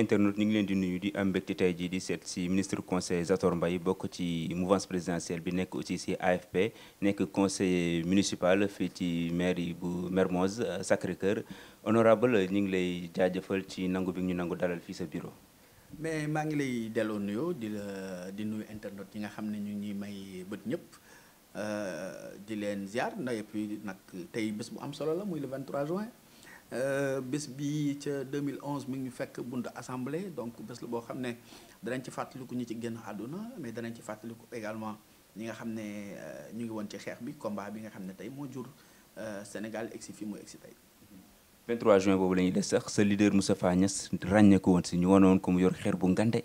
internet ñu ngi leen di nuyu di am mbégte tey jii di seet si ministre conseil Zator Mbaye bokk ci mouvance présidentielle bi nekk aussi si AFP nekk conseiller municipal fii ci mairie bu Mermoz euh, Sacré-Cœur honorable ñu ngi lay jaajëfal ci nangu bi ñu nangu dalal fii sa bureau. mais maa ngi lay delloo nuyoo di la di nuyu internet yi nga xam ne ñu ngi may bët ñëpp euh, di leen ziar ndax et nag tey bés bu am solo la muy le juin. Euh, bés bi ca 2011 mi ngi fekk bund assemblée donc bés la boo xam ne danañ ci fàttaliku ñi ci génn àdduna mais danañ ci fàttaliku également ñi nga xam ne euh, ñu ngi woon ci xeex bi combat bi nga xam ne tey moo jur euh, Sénégal egsi fi mu si tey. 23 juin boobu la ñuy des sax sa leader Moustapha Niasse ràññee ko woon si ñu wanoon ko mu yor xeer bu ngande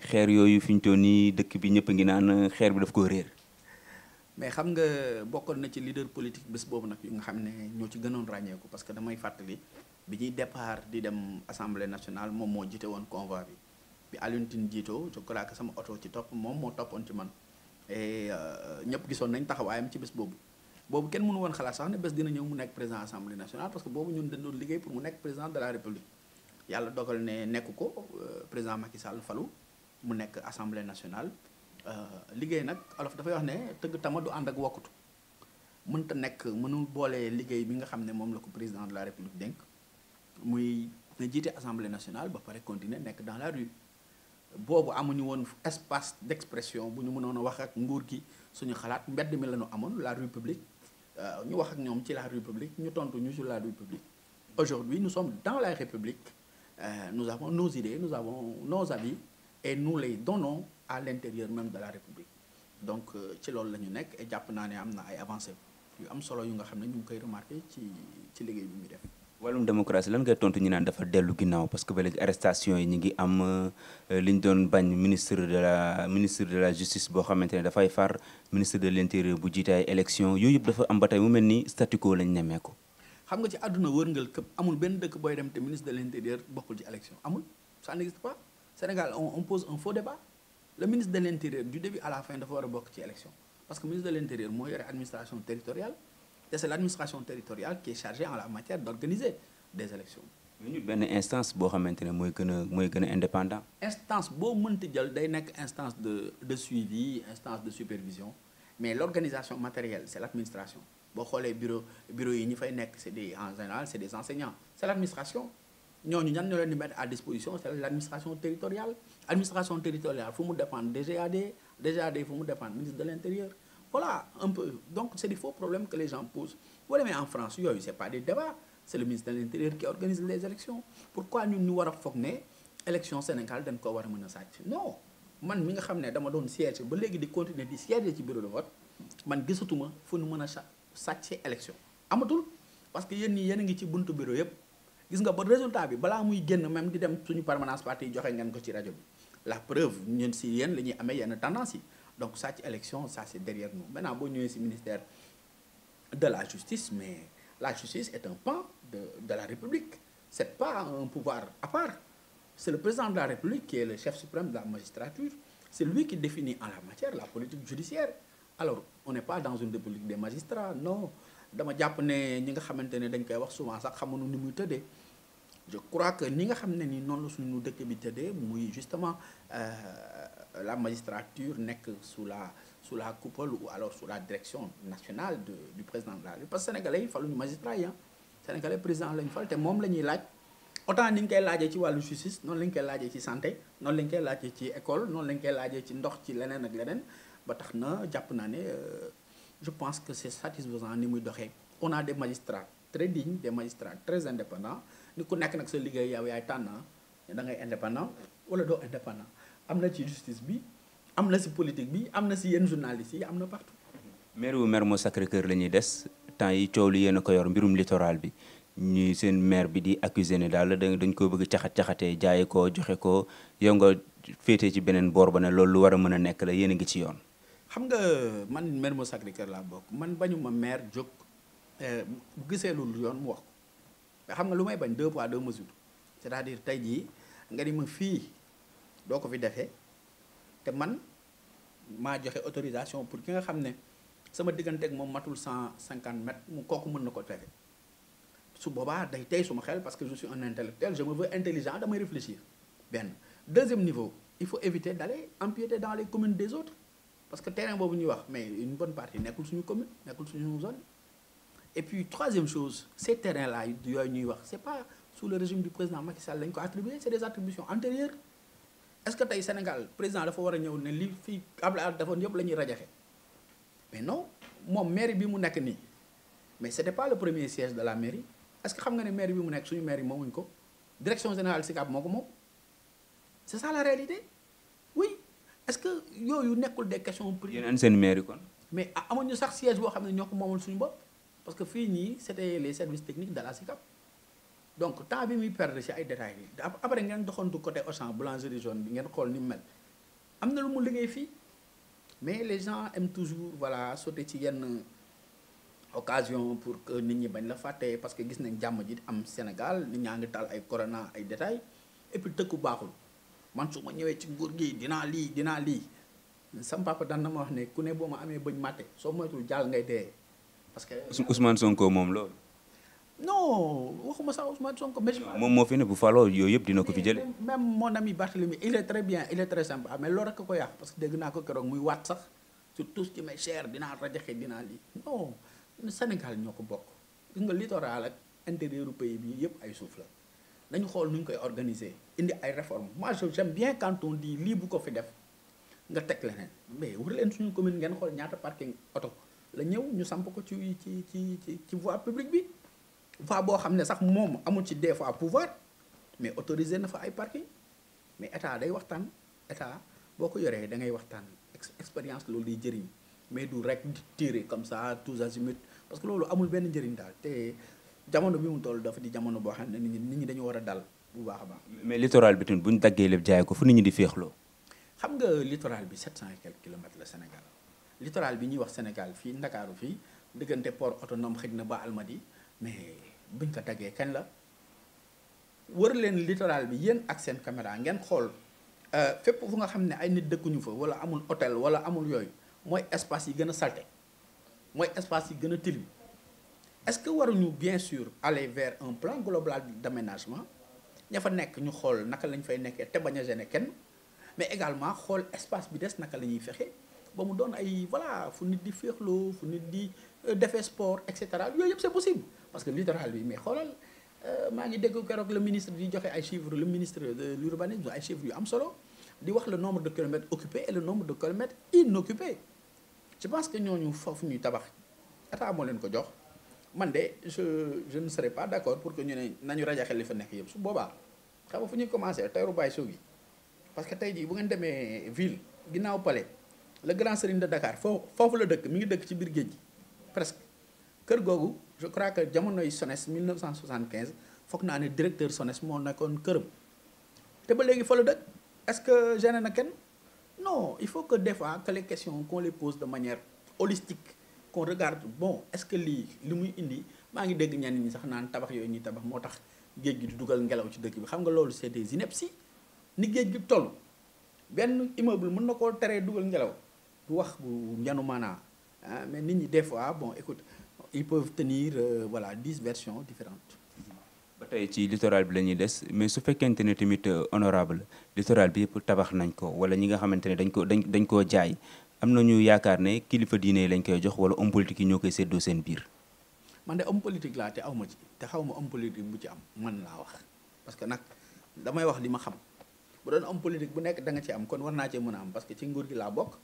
xeer yooyu fi ñu toll nii dëkk bi ñëpp ngi naan xeer bi daf ko réer. mais xam nga bokkoon na ci leader politique bés boobu nag yu nga xam ne ñoo ci gënoon ràññeeku parce que damay fàttali bi ñuy départ di dem assemblée nationale moom moo jiite woon convoi bi bi Alioune jiitoo je crois que sama oto ci topp moom moo toppoon ci man et euh, ñëpp gisoon nañ taxawaayam ci bés boobu boobu kenn mënu woon xalaat sax ne bés dina ñëw mu nekk président assemblée nationale parce que boobu ñun dañ doon liggéey pour mu nekk président yàlla dogal ne nekk ko euh, président Macky Sall falu mu nekk assemblée nationale Euh, liggéey nag olof dafay wax ne tëgg tama du ànd ak wokkutu mënta nekk mënul boole liggéey bi nga xam ne moom la ko président de la république dénk muy na jiite assemblée nationale ba pare continuer nekk dans la rue boobu amuñu woon espace d'expression bu ñu mënoon a wax ak nguur gi suñu xalaat mbedd mi la ñu amoon la rue publique euh, ñu wax ak ñoom ci la rue publique ñu tontu ñu sur la rue publique aujourd'hui nous sommes dans la république euh, nous avons nos idées nous avons nos avis et nous les à l'intérieur même de la République donc euh, ci loolu la ñu nekk et jàpp naa ne am na ay avancées yu am solo yu nga xam ne ñu ngi koy remarqué ci ci liggéey bi muy def. wàllum démocratie lan ngay tontu ñu naan dafa dellu ginnaaw parce que ba léegi arrestation yi ñu ngi am euh, li ñu doon bañ ministre de la ministre de la justice boo xamante ne dafay far ministre de l'intérieur bu jiite ay yooyu yëpp dafa am ba tey mu mel ni statu quo lañ nemmee ko. xam nga ci àdduna wërngal këpp amul benn dëkk booy dem te ministre de l'intérieur bokkul ci élection amul ça n'existe pas Sénégal on on pose un le ministre de l' du début à la fin dafa war a bokk ci élection parce que ministre de l' intérieur moo yore administration territoriale te c' est l' administration territoriale qui est chargée en la matière d' des élections. benn instance boo xamante ne mooy gën a mooy gën a indépendant. instance boo mënti jël day nekk instance de de suivi instance de supervision mais l' organisation matérielle c' est boo xoolee bureau bureau yi ñi fay nekk c' est des en général c' des enseignants c' est l' ñooñu ñan ñoo leen di mettre à disposition c'est l'administration territoriale administration territoriale fu mu dépendre DGAD DGAD fu mu dépendre ministre de l'intérieur voilà un peu donc c'est des faux problèmes que les gens posent boo en France yooyu c'est pas des débats c'est le ministre de l'intérieur qui organise les élections pourquoi ñun ñu war a foog ne élection Sénégal dañ ko war a mën a sàcc non man mi nga xam ne dama doon siège ba léegi di continuer di siège ci bureau de man gisatuma fu mën a sàcce élection amatul parce que yéen yéen a ngi ci buntu bureau yëpp gis nga ba résultat bi balaa muy génn même di dem suñu permanence parti joxe ngeen ko ci rajo bi la preuve ñun si yéen la amee yenn tendance yi donc ça ci élection ça c'est derrière nous maintenant boo ñëwee si ministère de la justice mais la justice est un pan de de la république c'est pas un pouvoir à c'est le président de la république qui est le chef suprême de la magistrature c'est lui qui définit en la matière la politique judiciaire alors on jàpp ne ñi nga xamante ne dañ koy wax souvent sax xamuñu ni muy tëddee je crois que ni nga xam ne ni noonu la suñu dëkk bi tëddee muy justement euh, la magistrature nekk sous la sous la coupole ou alors su la direction nationale de du président de la République parce que sénégalais yi faluñu magistrat yi ah sénégalais président lañ fal te moom la ñuy laaj autant ni ñu koy laajee ci wàllu justice noonu la ñu koy laajee ci santé noonu la ñu koy laajee ci école noonu la ñu koy laajee ci ndox ci leneen ak leneen ba tax na jàpp naa ne euh, je pense que c'est satisfaisant ni muy doxee on des magistrats très dignes des magistrats très indépendants ni ku nekk nag sa liggéey yow yaay tànn da ngay indépendant wala doo indépendant am na ci justice bi am na si politique bi am na si yenn journalistes yi am na partout. maire wu maire moo Sacré-Cœur la ñuy des temps yi coow li yéen ko yor mbirum littoral bi ñuy seen maire bi di accuser ne daal dañ koo bëgg caxat caxatee jaay ko joxe ko yow nga féetee ci beneen boor ba ne loolu lu war a mën a nekk la yéen a ngi ci yoon. xam nga man maire moo Sacré-Cœur man bañu ma maire jóg bu eh, yoon mu mais xam nga lu may bañ de poids de mesures c'est-à-dire tey jii nga ni ma fii doo ko fi defee te man maa joxe autorisation pour ki nga xam ne sama diggante ak moom matul cent cinquante mètres mu kooku mën na ko defee su boobaa day su suma xel parce que je suis un intellectuel je ma veux intelligent damay réfléchir benn deuxième niveau il faut éviter d'aller empiéter dans les communes des autres parce que terrain boobu ñuy wax mais une bonne partie nekkul suñu commune nekkul suñu zone et puis troisième chose ces terrains là yooyu ñuy wax c'est pas sous le régime du président Macky Sall lañ ko attribué c'est des attributions antérieures est-ce que tey Sénégal président dafa war a ñëw ne li fii Abdoulaye defoon yëpp la ñuy rajaxe mais non moom mairie bi mu nekk nii mais c'était pas le premier siège de la mairie est-ce que xam nga ne mairie bi mu nekk suñu mairie moomuñ ko direction générale SICAP moo ko moom c'est ça la réalité oui est-ce que nekkul des questions privées. mais amoon ñu sax siège boo xam ne ñoo ko suñu bopp. parce que fii ñii c'était les services techniques de la SICAP donc temps bi muy perdre ci ay détails yi après ngeen doxantu côté Auchan boulangerie jaune bi ngeen xool ni mu mel am na lu mu liggéey fii mais les gens aiment toujours voilà sauter ci yenn occasion pour que nit ñi bañ la fàtte parce que gis nañ jàmm ji am Sénégal nit ñaa ngi taal ay corona ay détails et puis tëkku baaxul man su ma ñëwee ci nguur gi dinaa lii dinaa lii sam papa daan na ma wax ne ku ne boo ma amee bëñ màtte soo moytul jàll ngay dee. parce que Ousmane Sonko moom loolu. non waxuma sax Ousmane Sonko. moom moo fi ne bu faloo yooyu yëpp dina ko fi jëlee. même mon mi Barthélemy il est très bien il est très sympa mais loolu rek ko yàq parce que dégg naa ko keroog muy waat sax surtout ci mes chers dinaa rajaxe dinaa lii non Sénégal ñoo ko bokk gis nga littoral ak intérieur pays bi yëpp ay suuf la dañu xool nu koy organiser indi ay réformes moi je j'aime bien quand on lii bu ko fi def nga teg leneen mais wër leen suñu xool ñaata parking oto. la ñëw ñu samp ko ci ci ci ci ci voie publique bi voie boo xam ne sax moom amul ci des fois pouvoir mais autorisé na fa ay parking mais état day waxtaan état boo ko yoree da ngay waxtaan expérience loolu di jëriñ mais du rek di tirer comme ça tous azimuts parce que loolu amul benn njëriñ daal te jamono bi mu toll dafa di jamono boo xam ne nit ñi nit dañu war a dal bu baax a mais littoral bi tamit bu ñu daggee lépp ko fu nit ñi di féexloo. xam nga littoral bi 700 et quelques kilomètres la Sénégal. littoral bi ñuy wax Sénégal fii Ndakaaru fii diggante port autonome xëj na ba Almadi mais buñ ko daggee kañ la war leen littoral bi yéen ak seen camera ngeen xool euh, fépp fu nga xam ne ay nit dëkkuñu fa wala amul hôtel wala amul yooyu mooy espace yi gën a salte mooy espace yi gën a tilim est-ce que waruñu bien sur aller vers un plan global d'aménagement ña fa nekk ñu xool naka lañ fay nekkee te bañ a gêner kenn mais également xool espace bi des naka la ñuy fexe. ba mu doon ay voilà fu nit di féexloo fu nit di euh, defee sport et cetera yooyu yëpp c'est possible parce que littoral bi mais xoolal euh, maa ngi dégg keroog le ministre di joxe ay chiffres le ministre de l'urbanisme ay chiffres yu am solo di wax le nombre de kilomètres occupés et le nombre de kilomètres inoccupés je pense que ñooñu foofu ñuy tabax état moo leen ko jox man de je je ne serais pas d'accord pour que ñu ne nañu rajaxe li fa nekk yëpp su boobaa xam nga fu ñuy commencer teeru bàyyi parce que tey jii bu ngeen demee ville ginnaaw palais le grand serigne de Dakar foofu foofu la dëkk mi ngi dëkk ci biir géej gi presque kër googu je crois que jamonoy SONES 1975 fook naa ne directeur SONES moo nekkoon këram te ba léegi fa la dëkk est-ce que gêné na kenn non il faut que des fois que les questions qu'on les pose de manière holistique qu'on regarde bon est-ce que lii li muy indi maa ngi dégg ñenn ñi sax naan tabax yooyu ñuy tabax moo tax géej gi di dugal ngelaw ci dëkk bi xam nga loolu c'est des inepties ni géej gi toll benn immeuble mën na koo teree dugal ngelaw du wax bu njanu naa ah mais nit ñi des fois bon écoute il peuvent tenir euh, voilà dix versions différentes ba tey ci littoral bi la ñuy des mais su fekkente ne tamit euh, honorable littoral bi yëpp tabax nañ ko wala ñi nga xamante ne dañ ko dañ dañ koo jaay am nañu yaakaar ne kilifa diine lañ koy jox wala homme politique yi ñoo koy séddoo seen biir man de homme politique laa te aw ma ci te xaw ma homme politique bu ci am man laa wax parce que nag damay wax li ma xam bu doon homme politique bu nekk da am kon war naa cee mën a parce que ci nguur gi laa bokk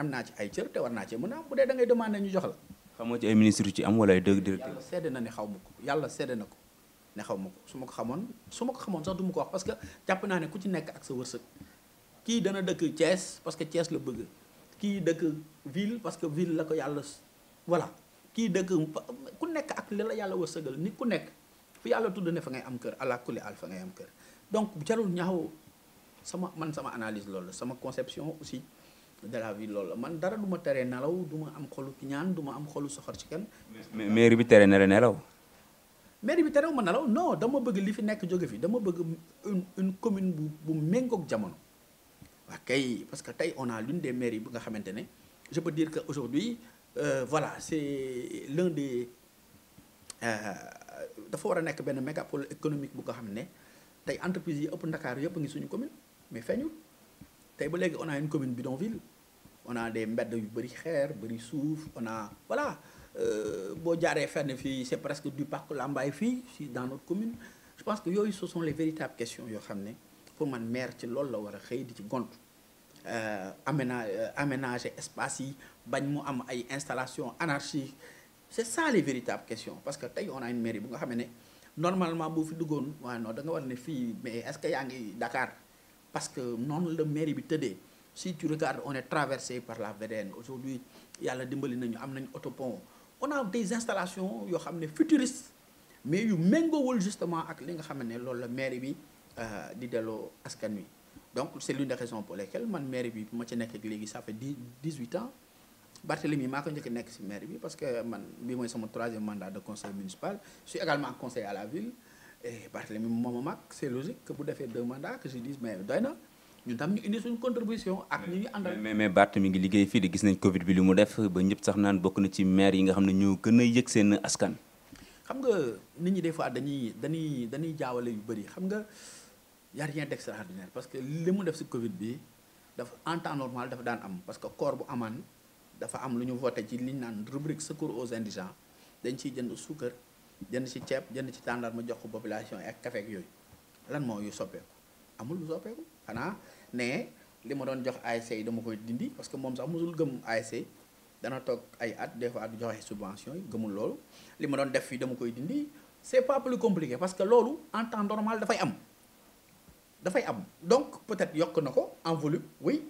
am naa ci ay cër te war naa ci mën a am bu dee da ngay demandé ñu jox la. xamoo ci ay ministre yu ci am wala ay dëgg directeur. yàlla na ne xaw ma ko yàlla seede na ko ne xaw ma su ma ko xamoon su ma ko xamoon sax du ma ko wax parce que jàpp naa ne ku ci nekk ak sa wërsëg kii dana dëkk cees parce que cees la bëgg kii dëkk ville parce que ville la ko yàlla voilà kii dëkk ku nekk ak li la yàlla wërsëgal nit ku nekk fu yàlla tudd ne fa ngay am kër ala kulli al fa ngay am kër donc jarul ñaaw sama man sama analyse loolu sama conception aussi. de la ville loolu la man dara du ma teree nelaw du ma am xolu ñaan du ma am xolu soxor ci kenn. mairie bi tere na la nelaw. mairie bi terew ma nelaw non dama bëgg li fi nekk jóge fi dama bëgg une une commune bu bu méngoog jamono. waa kay parce que tey on a l'une des mairies bu nga xamante ne je peux dire que aujourd'hui euh, voilà c'est l'un des euh, dafa war a nekk benn mégapole économique bu nga xam ne tey entreprise yi ëpp Ndakaar yëpp ngi suñu commune mais feeñul tey ba léegi on a une commune bidonville. on a des mbedd yu bëri xeer bëri suuf on a voilà euh, boo jaaree fenn fii c'est presque du parc Lambaye fii si dans notre commune je pense que yooyu ce sont les véritables questions yoo xam ne pour man maire ci loolu la war a xëy di ci gont euh, aména euh, aménager espace yi bañ mu am ay installation anarchique c'est ça les véritables questions parce que tey on a une mairie bu nga xam ne normalement boo fi duggoon waa non da nga war ne fii mais est yaa ngi Dakar parce que noonu la mairie bi tëddee si tu regardes on est traversé par la VDN aujourd'hui yàlla dimbali nañu am nañ autopont on a des installations yoo xam ne futuristes mais yu méngoowul justement ak li nga xam ne loolu la mairie bi euh, di delloo askan wi donc c' est l'une des raisons pour lesquelles man mairie bi ma ci nekk ak léegi ça fait dix dix huit ans Barthélemy maa ko njëkk nekk si mairie bi parce que man bi mooy sama troisième mandat de conseil municipal je suis également conseiller à la ville et a mag c' est logique defee deux mandats mais doy na ñu tam ñu indi suñu contribution ak ñu ñu àndal. mais mais Bart mi ngi liggéey fii di gis nañ Covid bi li mu def ba ñëpp sax naan bokk na ci maire yi nga xam ne ñoo gën a yëg seen askan. xam nga nit ñi de fois dañuy dañuy dañuy jaawale yu bëri xam nga y a rien d'extraordinaire parce que li mu def si Covid bi dafa en normal dafa daan am parce que corps bu amaan dafa am lu ñu voté ci li ñu naan rubrique secours aux indigents dañ ciy jënd suukar jënd ci ceeb jënd ci tàndarma jox ko population ak ak yooyu lan moo yu soppeeku xanaa ne li ma doon jox ASC yi dama koy dindi parce que moom sax mosul gëm ASC dana toog ay at des fois du joxe subvention yi gëmul loolu li ma doon def fii dama koy dindi c'est pas plus compliqué parce que loolu en temps normal dafay am dafay am donc peut-être yokk na ko en volume oui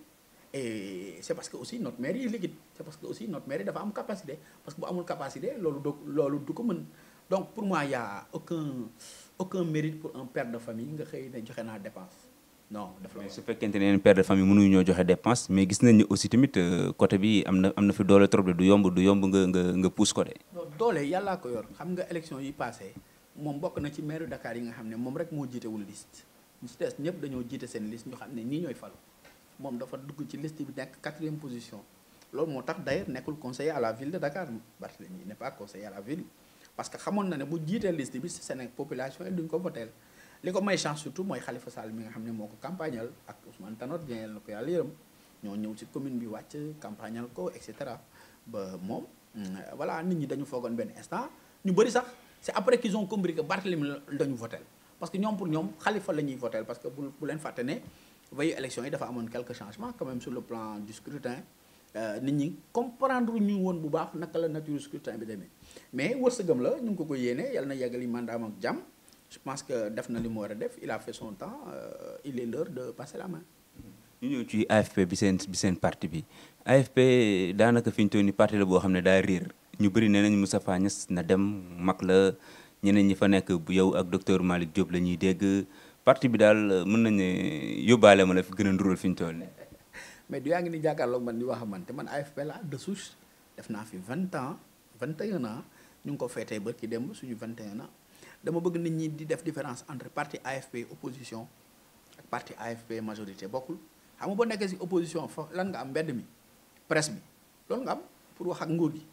et c'est parce que aussi notre mairie est liquide c'est parce que aussi notre mairie dafa am capacité parce que bu amul capacité loolu do loolu du ko mën donc pour moi y a pour un père de famille nga xëy ne joxe naa dépense non dafa mais su fekkente ne père de famille mënuñu ñoo joxe dépense mais gis na ni aussi tamit euh, côté bi am na na fi doole trop de du yomb du yomb nga nga nga pousse ko de. non doole yàllaa ko yor xam nga élection yi passé moom bokk na ci maire Dakar yi nga xam ne moom rek moo jiitewul liste ñu si des ñëpp dañoo jiite seen liste ñu xam ne nii ñooy falu moom dafa dugg ci liste bi nekk quatrième position loolu moo tax d'ailleurs nekkul conseil à la ville de Dakar Barthélémy n'est pas conseiller na ne bu jiitee liste bi Sénégal population duñ ko voteel li ko may chance surtout mooy Khalifa Sall mi nga xam ne moo ko campagnal ak Ousmane Tanor Dieng yal na ko yàlla yërëm ñoo ñëw ci commune bi wàcc campagnal ko et cetera ba moom mm, voilà nit ñi dañu foogoon benn instant ñu bëri sax c'est après qu'ils ont compris que Barthélemy parce que ñoom pour ñoom Khalifa la ñuy voté parce que bu bu leen fàtte ne veille élection yi dafa amoon quelques changements quand même sur le plan du scrutin euh, nit ñi comprendre ñu woon bu baax naka la nature scrutin bi demee ñu ngi ko ko yéene yàlla na yàggali mandaam ak jàmm je pense que def na li mu war def il a fait son temps euh, il est l'heure ñu ñëw ci AFP bi seen bi seen parti bi AFP daanaka fi ñu tool nii parti la boo xam ne daa riir ñu bëri nee nañ Moustapha Niasse na dem mag la ñeneen ñi fa nekk bu yow ak docteur Malick Diop la ñuy dégg parti bi daal euh, mën nañu yóbbaale ma la gën a ndural fi ñu toll nii. mais du yaa ngi ni jàkkaarloog man di wax man te man AFP la de souche def naa fi vingt ans vingt et un ñu ngi ko feetee ba ci démb suñu vingt et dama bëgg nit ñi di def différence entre parti AFP opposition ak parti AFP majorité bokkul xam nga boo nekkee ci opposition fa lan nga am mbedd mi presse bi loolu nga am pour wax ak nguur yi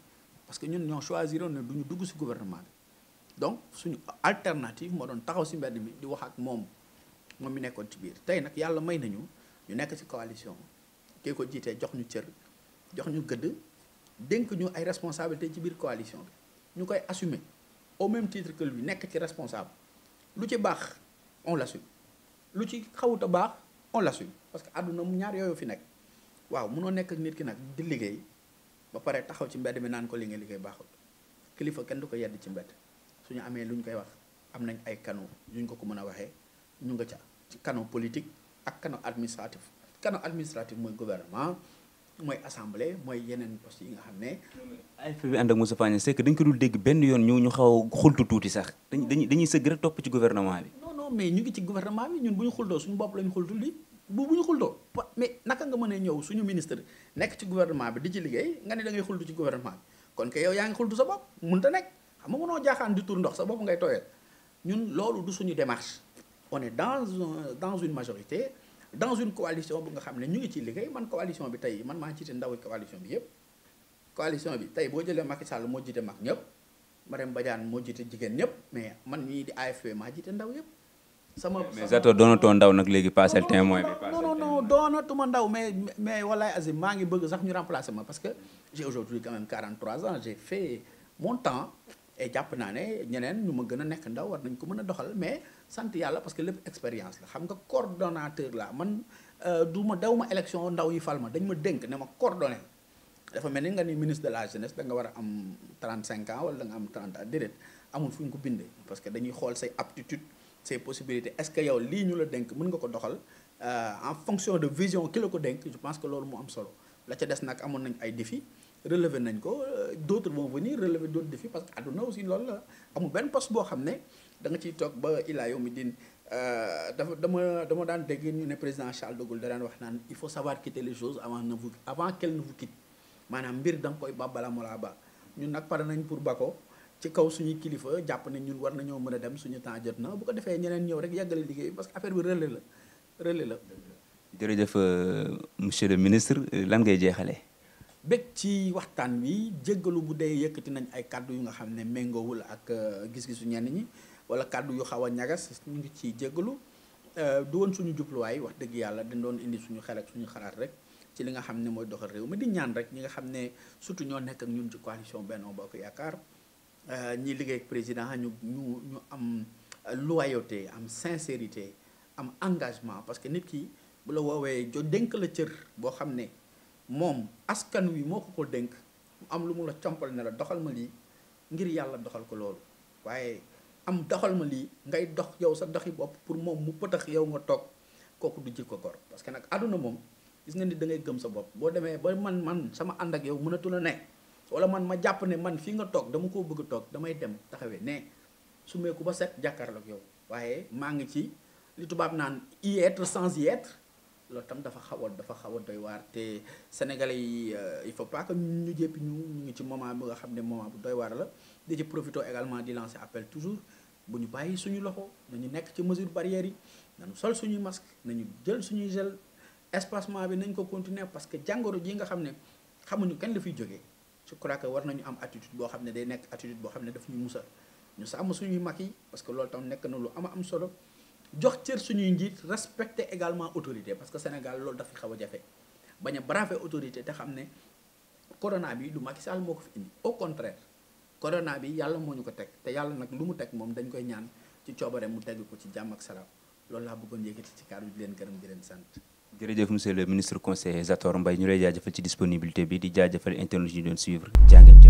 parce que ñun ñoo choisir ne du ñu dugg ci gouvernement bi donc suñu alternative moo doon taxaw ci mbedd mi di wax ak moom moom mi nekkoon ci biir tey nag yàlla may nañu ñu nekk ci coalition kii ko jiitee jox ñu cër jox ñu gëdd dénk ñu ay responsabilité ci biir coalition bi ñu koy assumer au même titre que lui nekk ci responsable lu ci baax on l'assume lu ci xawut a baax on l'assume parce que àdduna mu ñaar yooyu fi nekk waaw munoo nekk nit ki nag di liggéey ba pare taxaw ci mbedd mi naan ko li nga liggéey baaxul kilifa kenn du ko yedd ci mbedd ñu amee lu ñu koy wax am nañ ay canaux yuñ ko ko mën a waxee ñu nga ca ci canaux politique ak canaux administratif canaux administratif mooy gouvernement mooy assemblée mooy yeneen poste yi nga xam ne. AFP bi ànd ak Moustapha Niasse c'est que dañ ko dul dégg benn yoon ñu ñu xaw a xultu tuuti sax dañuy dañuy sëgg rek topp ci gouvernement bi. non non mais ñu ngi ci gouvernement bi ñun bu ñu xultoo suñu bopp lañu xultul di bu bu ñu xultoo mais naka nga mën a ñëw suñu ministre nekk ci guvernement bi di ci liggéey nga ne da ngay xultu ci gouvernement bi kon ke yow yaa ngi xultu sa bopp mënut a nekk xam nga mënoo jaaxaan di tur ndox sa bopp ngay tooyal ñun loolu du suñu démarche on est dans dans une majorité dans une coalition bi nga xam ne ñu ngi ci liggéey man coalition bi tey man maa jiite ndaw coalition bi yëpp coalition bi tey boo jëlee Macky Sall moo jiite mag ñëpp Marème Badiane moo jiite jigéen ñëpp mais man mii di AFP maa jiite ndaw yëpp. sama mais Zator doonatoo ndaw nag léegi passé témoin bi. non non non doonatuma ndaw mais mais wallaay Azim maa ngi bëgg sax ñu remplacer ma parce que j'ai aujourd'hui quand même 43 ans j'ai fait mon temps. et jàpp naa ne ñeneen ñu ma gën a nekk ndaw war nañ ko mën a doxal mais sant yàlla parce que lépp expérience la xam nga coordonnateur la man euh, du ma daw ma élection ndaw yi fal ma dañ ma dénk ne ma coordonné dafa mel ni nga ni ministre de la jeunesse da nga war a am 35 ans wala da nga am 30 ans déedéet amul fu ñu ko bindee parce que dañuy xool say aptitude say possibilités est-ce que yow lii ñu la dénk mën nga ko doxal euh, en fonction de vision ki la ko dénk je que loolu mu am solo la ca des nag amoon nañ ay défis relever nañ ko euh, d' autres vont venir relever d' autres défis parce que àdduna aussi loolu la amul benn poste boo xam ne danga nga ciy toog ba ilaa yow mi din euh, dafa dama dama daan dégg ñu ne président Charles de Gaulle da daan wax naan il faut savoir quitter les choses avant ne vous avant qu'elle ne vous quitte maanaam mbir da koy ba bala mu laa ba ñun nag pare nañ pour ba ci kaw suñuy kilifa jàpp ne ñun war nañoo mën a dem suñu temps jot na bu ko defee ñeneen ñëw rek yàggale liggéey parce que affaire bi relais la relais la. jërëjëf euh, monsieur le ministre lan ngay jeexalee. bég ci waxtaan wi jéggalu bu dee yëkkati nañ ay kàddu yu nga xam ne méngoowul ak euh, gis-gisu ñenn ñi wala kàddu yu xaw a ñagas ñu ngi ciy jéggalu euh, du woon suñu jubluwaay wax dëgg yàlla dañ doon indi suñu xel ak suñu xalaat rek ci li nga xam ne mooy doxal réew mi di ñaan rek ñi nga xam ne surtout ñoo nekk ak ñun ci coalition Benno Bokk Yaakaar euh, ñi liggéey ak président ñu ñu ñu am loyauté am sincérité am engagement parce que nit ki bu la woowee jo dénk la cër boo xam ne moom askan wi moo ko ko dénk mu am lu mu la compal ne la doxal ma lii ngir yàlla doxal ko loolu waaye am doxal ma lii ngay dox yow sa doxi bopp pour moom mu pëtax yow nga toog kooku du jikko gor parce que nag àdduna moom gis nga ni dangay gëm sa bopp boo demee ba man man sama ànd ak yow mënatul a ne wala man ma jàpp ne man fii nga toog dama koo bëgg a toog damay dem taxawee ne su ku ba set jàkkaarloog yow waaye maa ngi ci li tubaab naan y être loolu tam dafa xaw a dafa xaw a doy waar te sénégalais yi euh, il faut pas ñu jéppi ñu ñu ngi ci moment bi nga xam ne moment bu doy waar la di ci profité également di lancer appel toujours bu ñu bàyyi suñu loxo ñu nekk ci mesure barrières yi nañu sol suñuy masque ñu jël suñuy gel espacement bi nañ ko continuer parce que jàngoro ji nga xam ne xamuñu kenn la fiy jógee je crois que war nañu am attitude boo xam ne day nekk attitude boo xam ne daf ñu musal suñuy mag yi parce que loolu tam nekk na lu ama am solo jox cër suñuy njiit respecter également autorité parce que Sénégal loolu dafa xaw a jafe bañ a braver autorité te xam ne corona bi du Macky Sall moo ko fi indi au contraire corona bi yàlla moo ñu ko teg te yàlla nag lu mu teg moom dañ koy ñaan ci coobare mu teg ko ci jàmm ak salaam loolu laa bëggoon yëkkati ci kàddu di leen gërëm di leen sant. jërëjëf monsieur le ministre conseiller Zator Mbaye ñu lay jaajëfal ci disponibilité bi di jaajëfal internet yi ñu doon